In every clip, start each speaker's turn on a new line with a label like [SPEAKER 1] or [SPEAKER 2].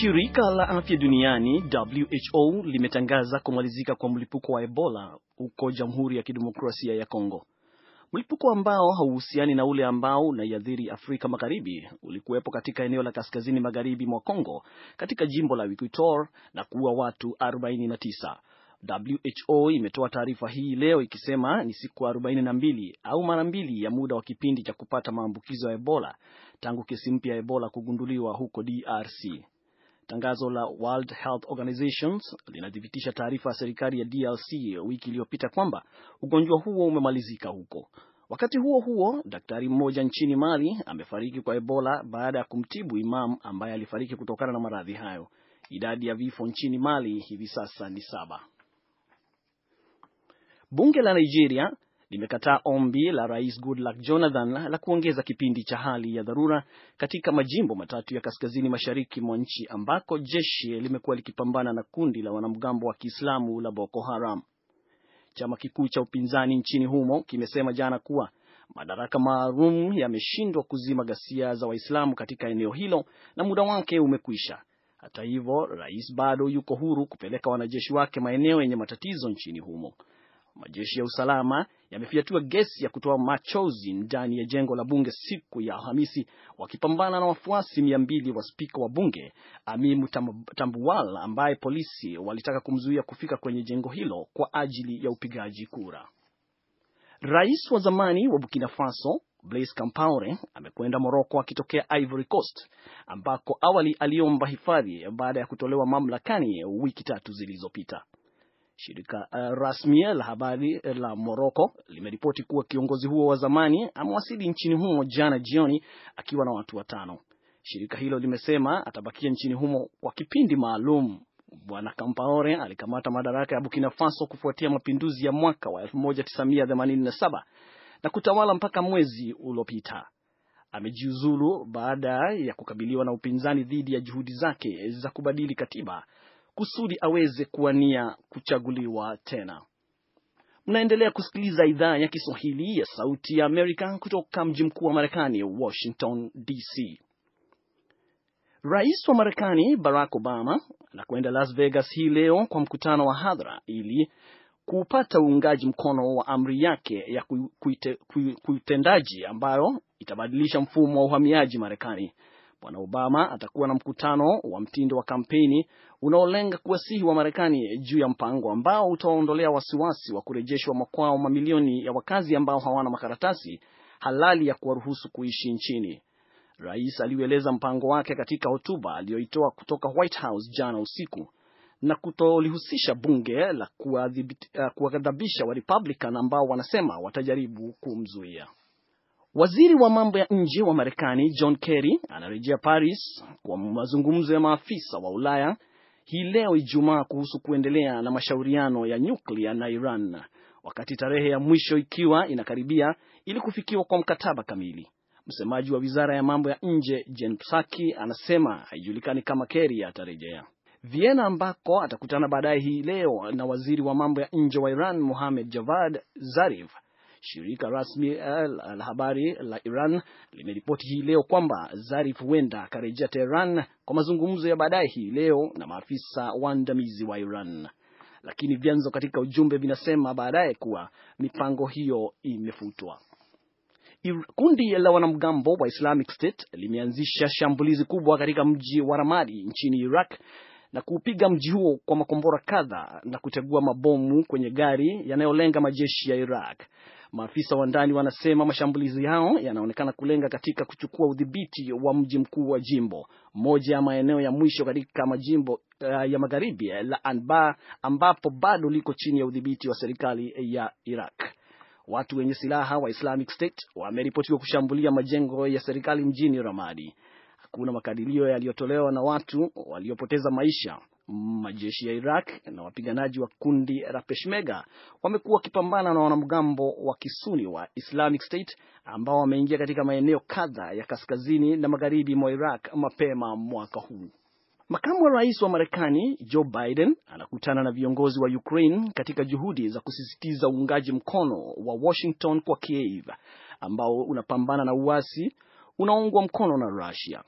[SPEAKER 1] Shirika la Afya Duniani WHO limetangaza kumalizika kwa mlipuko wa Ebola huko Jamhuri ya Kidemokrasia ya Kongo. Mlipuko ambao hauhusiani na ule ambao unaiathiri Afrika Magharibi ulikuwepo katika eneo la kaskazini magharibi mwa Kongo katika jimbo la Equator na kuua watu 49. WHO imetoa taarifa hii leo ikisema ni siku 42 au mara mbili ya muda wa kipindi cha kupata maambukizo ya Ebola tangu kesi mpya ya Ebola kugunduliwa huko DRC. Tangazo la World Health Organizations linathibitisha taarifa ya serikali ya DRC wiki iliyopita kwamba ugonjwa huo umemalizika huko. Wakati huo huo, daktari mmoja nchini Mali amefariki kwa Ebola baada ya kumtibu imam ambaye alifariki kutokana na maradhi hayo. Idadi ya vifo nchini Mali hivi sasa ni saba. Bunge la Nigeria limekataa ombi la Rais Goodluck Jonathan la kuongeza kipindi cha hali ya dharura katika majimbo matatu ya kaskazini mashariki mwa nchi ambako jeshi limekuwa likipambana na kundi la wanamgambo wa Kiislamu la Boko Haram. Chama kikuu cha upinzani nchini humo kimesema jana kuwa madaraka maalum yameshindwa kuzima ghasia za Waislamu katika eneo hilo na muda wake umekwisha. Hata hivyo, rais bado yuko huru kupeleka wanajeshi wake maeneo yenye matatizo nchini humo. Majeshi ya usalama yamefiatua gesi ya kutoa machozi ndani ya jengo la bunge siku ya Alhamisi, wakipambana na wafuasi mia mbili wa spika wa bunge Amimu Tambuwal, ambaye polisi walitaka kumzuia kufika kwenye jengo hilo kwa ajili ya upigaji kura. Rais wa zamani wa Burkina Faso Blaise Compaore amekwenda Moroko akitokea Ivory Coast ambako awali aliomba hifadhi baada ya kutolewa mamlakani wiki tatu zilizopita. Shirika uh, rasmi la habari la Morocco limeripoti kuwa kiongozi huo wa zamani amewasili nchini humo jana jioni akiwa na watu watano. Shirika hilo limesema atabakia nchini humo kwa kipindi maalum. Bwana Kampaore alikamata madaraka ya Burkina Faso kufuatia mapinduzi ya mwaka wa 1987 na kutawala mpaka mwezi uliopita. Amejiuzulu baada ya kukabiliwa na upinzani dhidi ya juhudi zake za kubadili katiba kusudi aweze kuwania kuchaguliwa tena. Mnaendelea kusikiliza idhaa ya Kiswahili ya Sauti ya Amerika kutoka mji mkuu wa Marekani, Washington DC. Rais wa Marekani Barack Obama anakwenda Las Vegas hii leo kwa mkutano wa hadhara ili kupata uungaji mkono wa amri yake ya kuitendaji ambayo itabadilisha mfumo wa uhamiaji Marekani. Bwana Obama atakuwa na mkutano wa mtindo wa kampeni unaolenga kuwasihi wa Marekani juu ya mpango ambao utawaondolea wasiwasi wa kurejeshwa makwao mamilioni ya wakazi ambao hawana makaratasi halali ya kuwaruhusu kuishi nchini. Rais aliueleza mpango wake katika hotuba aliyoitoa kutoka White House jana usiku na kutolihusisha bunge la kuwaghadhabisha Republican ambao wanasema watajaribu kumzuia. Waziri wa mambo ya nje wa Marekani John Kerry anarejea Paris kwa mazungumzo ya maafisa wa Ulaya hii leo Ijumaa kuhusu kuendelea na mashauriano ya nyuklia na Iran, wakati tarehe ya mwisho ikiwa inakaribia ili kufikiwa kwa mkataba kamili. Msemaji wa wizara ya mambo ya nje Jen Psaki anasema haijulikani kama Kerry atarejea Vienna ambako atakutana baadaye hii leo na waziri wa mambo ya nje wa Iran Mohamed Javad Zarif Shirika rasmi eh, la habari la Iran limeripoti hii leo kwamba Zarif huenda akarejea tehran kwa mazungumzo ya baadaye hii leo na maafisa waandamizi wa Iran, lakini vyanzo katika ujumbe vinasema baadaye kuwa mipango hiyo imefutwa. Kundi la wanamgambo wa Islamic State limeanzisha shambulizi kubwa katika mji wa Ramadi nchini Iraq na kuupiga mji huo kwa makombora kadha na kutegua mabomu kwenye gari yanayolenga majeshi ya Iraq. Maafisa wa ndani wanasema mashambulizi yao yanaonekana kulenga katika kuchukua udhibiti wa mji mkuu wa jimbo, moja ya maeneo ya mwisho katika majimbo uh, ya magharibi eh, la Anbar ambapo bado liko chini ya udhibiti wa serikali eh, ya Iraq. Watu wenye silaha wa Islamic State wameripotiwa kushambulia majengo ya serikali mjini Ramadi. Hakuna makadirio yaliyotolewa na watu waliopoteza maisha Majeshi ya Iraq na wapiganaji wa kundi la Peshmerga wamekuwa wakipambana na wanamgambo wa kisuni wa Islamic State ambao wameingia katika maeneo kadha ya kaskazini na magharibi mwa Iraq mapema mwaka huu. Makamu wa rais wa Marekani Joe Biden anakutana na viongozi wa Ukraine katika juhudi za kusisitiza uungaji mkono wa Washington kwa Kiev ambao unapambana na uasi unaoungwa mkono na Russia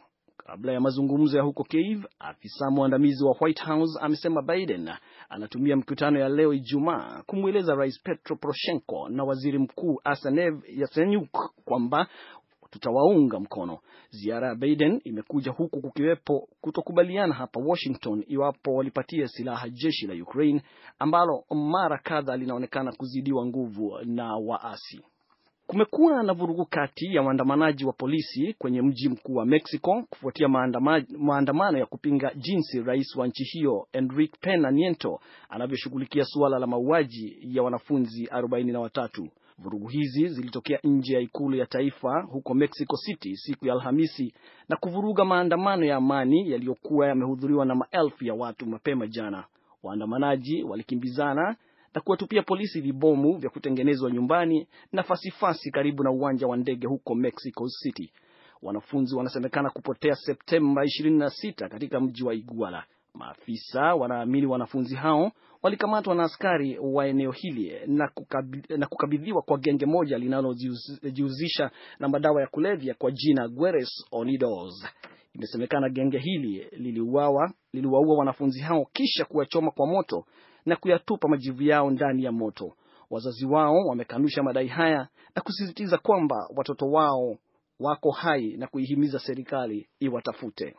[SPEAKER 1] kabla ya mazungumzo ya huko Kiev, afisa mwandamizi wa White House amesema Biden anatumia mkutano ya leo Ijumaa kumweleza Rais Petro Poroshenko na Waziri Mkuu asanev Yatsenyuk kwamba tutawaunga mkono. Ziara ya Biden imekuja huku kukiwepo kutokubaliana hapa Washington iwapo walipatia silaha jeshi la Ukraine ambalo mara kadha linaonekana kuzidiwa nguvu na waasi. Kumekuwa na vurugu kati ya waandamanaji wa polisi kwenye mji mkuu wa Mexico kufuatia maandamano ya kupinga jinsi rais wa nchi hiyo Enrique Pena Nieto anavyoshughulikia suala la mauaji ya wanafunzi 43. Vurugu hizi zilitokea nje ya ikulu ya taifa huko Mexico City siku ya Alhamisi na kuvuruga maandamano ya amani yaliyokuwa yamehudhuriwa na maelfu ya watu mapema jana. Waandamanaji walikimbizana na kuwatupia polisi vibomu vya kutengenezwa nyumbani na fasifasi karibu na uwanja wa ndege huko Mexico City. Wanafunzi wanasemekana kupotea Septemba 26 katika mji wa Iguala. Maafisa wanaamini wanafunzi hao walikamatwa na askari wa eneo hili na kukabidhiwa kwa genge moja linalojihusisha na madawa ya kulevya kwa jina Gueres Onidos. Imesemekana genge hili liliwaua wanafunzi hao kisha kuwachoma kwa moto na kuyatupa majivu yao ndani ya moto. Wazazi wao wamekanusha madai haya na kusisitiza kwamba watoto wao wako hai na kuihimiza serikali iwatafute.